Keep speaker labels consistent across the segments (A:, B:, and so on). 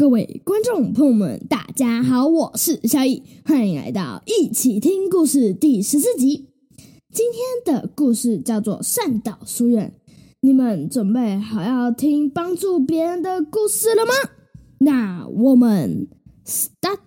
A: 各位觀眾朋友們，大家好，我是小易，歡迎來到一起聽故事第十四集。今天的故事叫做善導書院，你們準備好要聽幫助別人的故事了嗎？那我們 start。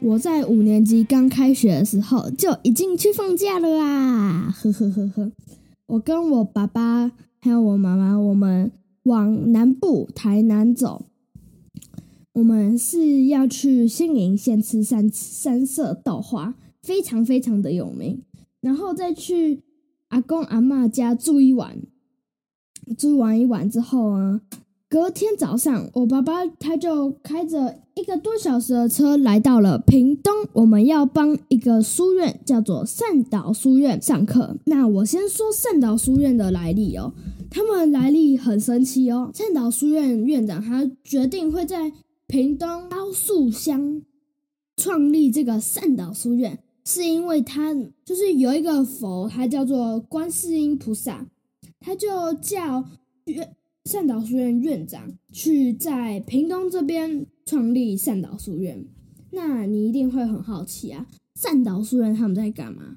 A: 我在五年級剛開學的時候就已經去放假了啊！呵呵呵呵，我跟我爸爸還有我媽媽，我們往南部台南走。我們是要去新營，先吃三三色豆花，非常非常的有名。然後再去阿公阿嬤家住一晚，住完一晚之後啊。隔天早上，我爸爸他就開着一個多小時的車來到了屏東。我們要幫一個書院叫做善導書院上課。那我先說善導書院的來歷哦，他們來歷很神奇哦。善導書院院長他決定會在屏東高樹鄉創立這個善導書院，是因為他就是有一個佛，他叫做觀世音菩薩，他就叫。善導書院院長去在屏東這邊創立善導書院，那你一定會很好奇啊！善導書院他們在幹嘛？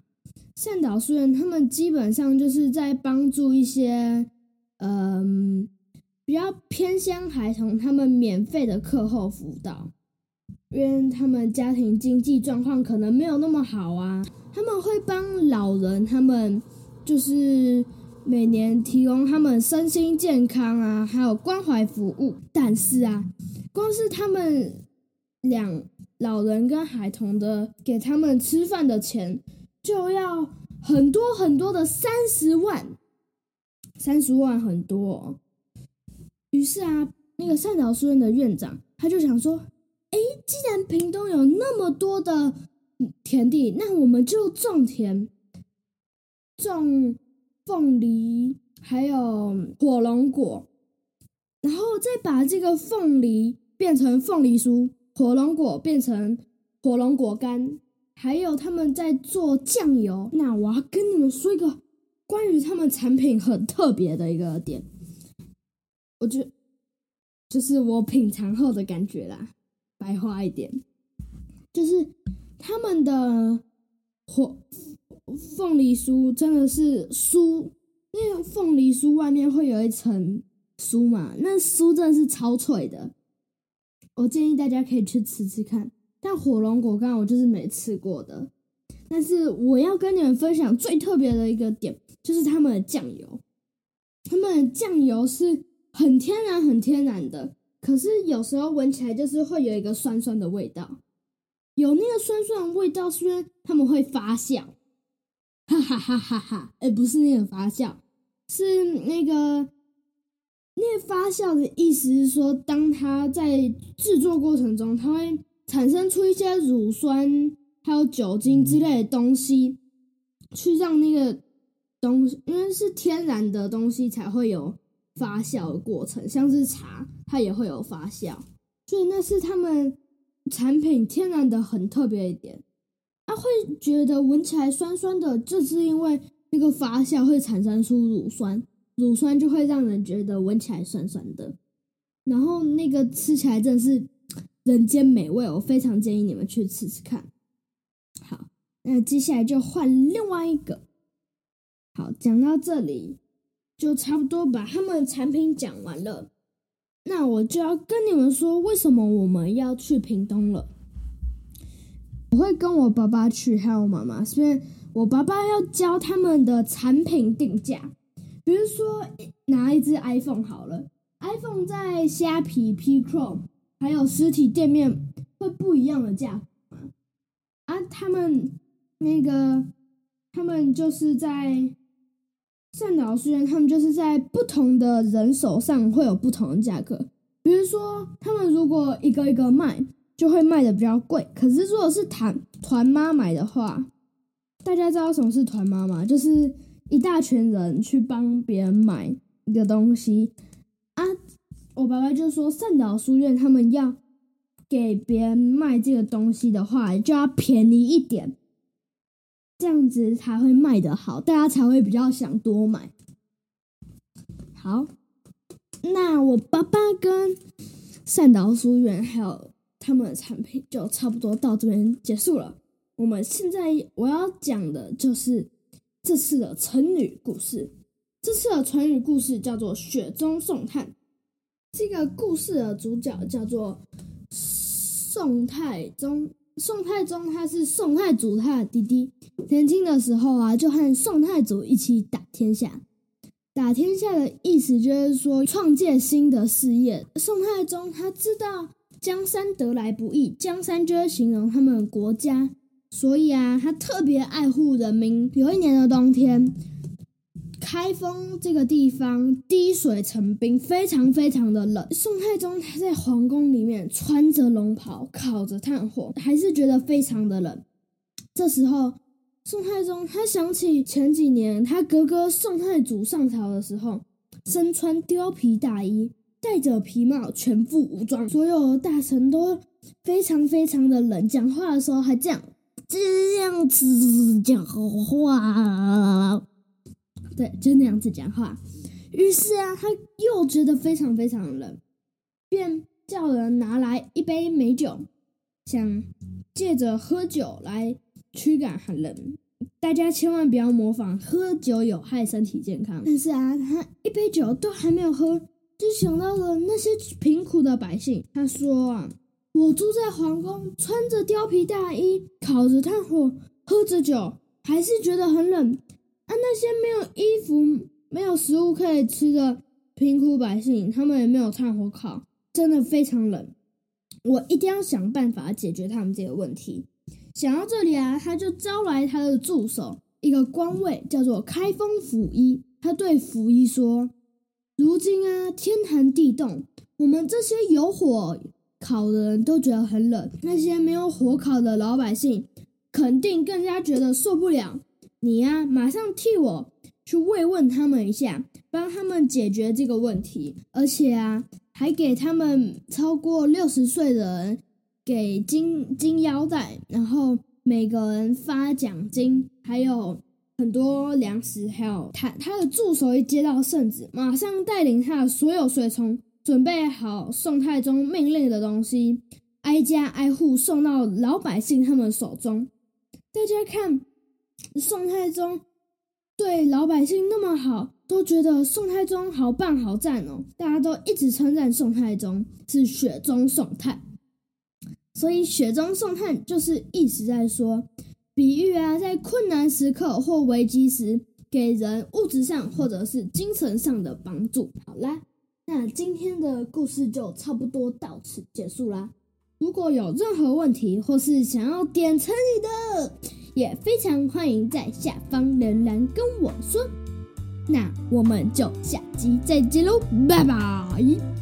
A: 善導書院他們基本上就是在幫助一些嗯、呃、比較偏鄉孩童，他們免費的課後輔導，因為他們家庭經濟狀況可能沒有那麼好啊。他們會幫老人，他們就是。每年提供他們身心健康啊，還有關懷服務。但是啊，光是他們兩老人跟孩童的給他們吃飯的錢，就要很多很多的三十萬，三十萬很多哦。於是啊，那個善導書院的院長他就想說：“哎，既然屏東有那麼多的田地，那我們就種田，種。”鳳梨，還有火龍果，然後再把這個鳳梨變成鳳梨酥，火龍果變成火龍果乾，還有他們在做醬油。那我要跟你們說一個關於他們產品很特別的一個點，我覺得就是我品嘗後的感覺啦，白話一點，就是他們的火。鳳梨酥真的是酥，因為鳳梨酥外面會有一層酥嘛，那酥真的是超脆的。我建議大家可以去吃吃看。但火龍果乾我就是沒吃過的。但是我要跟你們分享最特別的一個點，就是他們的醬油，他們的醬油是很天然、很天然的，可是有時候聞起來就是會有一個酸酸的味道。有那個酸酸的味道，是因為他們會發酵。哈哈哈哈哈！哎， 欸、不是那個發酵，是那個那個發酵的意思是說，當它在製作過程中，它會產生出一些乳酸，還有酒精之類的東西，去讓那個東西，因為是天然的東西才會有發酵的過程，像是茶，它也會有發酵，所以那是他們產品天然的很特別一點。他會覺得聞起來酸酸的，就是因為那個發酵會產生出乳酸，乳酸就會讓人覺得聞起來酸酸的。然後那個吃起來真的是人間美味，我非常建議你們去吃吃看。好，那接下來就換另外一個。好，講到這裡就差不多把他們的產品講完了。那我就要跟你們說，為什麼我們要去屏東了。我會跟我爸爸去，還有媽媽，所以我爸爸要教他們的產品定價。比如說，拿一隻 iPhone 好了，iPhone 在蝦皮、PChome 還有實體店面會不一樣的價格嘛？啊，他們那個，他們就是在善導書院，他們就是在不同的人手上會有不同的價格。比如說，他們如果一個一個賣。就會賣得比較貴，可是如果是團團媽買的話，大家知道什麼是團媽嗎？就是一大群人去幫別人買一個東西啊。我爸爸就說，善導書院他們要給別人賣這個東西的話，就要便宜一點，這樣子才會賣得好，大家才會比較想多買。好，那我爸爸跟善導書院還有。他們的產品就差不多到這邊結束了。我們現在我要講的就是這次的成語故事。這次的成語故事叫做“雪中送炭”。這個故事的主角叫做宋太宗。宋太宗他是宋太祖他的弟弟，年輕的時候啊，就和宋太祖一起打天下。打天下的意思就是說創建新的事業。宋太宗他知道。江山得來不易，江山就是形容他們的國家，所以啊，他特別愛護人民。有一年的冬天，開封這個地方滴水成冰，非常非常的冷。宋太宗他在皇宮裡面穿着龍袍，烤着炭火，還是覺得非常的冷。這時候，宋太宗他想起前幾年他哥哥宋太祖上朝的時候，身穿貂皮大衣。戴着皮帽，全副武裝，所有大臣都非常非常的冷。講話的時候還這樣，這樣子講話，對，就那樣子講話。於是啊，他又覺得非常非常冷，便叫人拿來一杯美酒，想借着喝酒來驅趕寒冷。大家千萬不要模仿，喝酒有害身體健康。但是啊，他一杯酒都還沒有喝。就想到了那些貧苦的百姓。他說啊：“我住在皇宮，穿着貂皮大衣，烤着炭火，喝着酒，還是覺得很冷。啊，那些沒有衣服、沒有食物可以吃的貧苦百姓，他們也沒有炭火烤，真的非常冷。我一定要想辦法解決他們這個問題。”想到這裡啊，他就招來他的助手，一個官位叫做開封府尹。他對府尹說。如今啊，天寒地凍，我們這些有火烤的人都覺得很冷，那些沒有火烤的老百姓肯定更加覺得受不了。你呀、啊，馬上替我去慰問他們一下，幫他們解決這個問題，而且啊，還給他們超過六十歲的人給金金腰帶，然後每個人發獎金，還有。很多糧食，還有他他的助手一接到聖旨，馬上帶領他所有隨從，準備好宋太宗命令的東西，挨家挨戶送到老百姓他們手中。大家看，宋太宗對老百姓那麼好，都覺得宋太宗好棒好讚哦。大家都一直稱讚宋太宗是雪中送炭，所以雪中送炭就是一直在說。比喻啊，在困難時刻或危機時，給人物質上或者是精神上的幫助。好啦，那今天的故事就差不多到此結束啦。如果有任何問題或是想要點成語的，也非常歡迎在下方留言跟我說。那我們就下期再見嘍，拜拜。